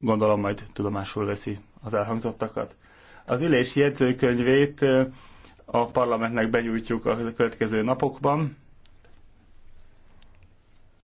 Gondolom majd tudomásul veszi az elhangzottakat. Az ülés jegyzőkönyvét a parlamentnek benyújtjuk a következő napokban.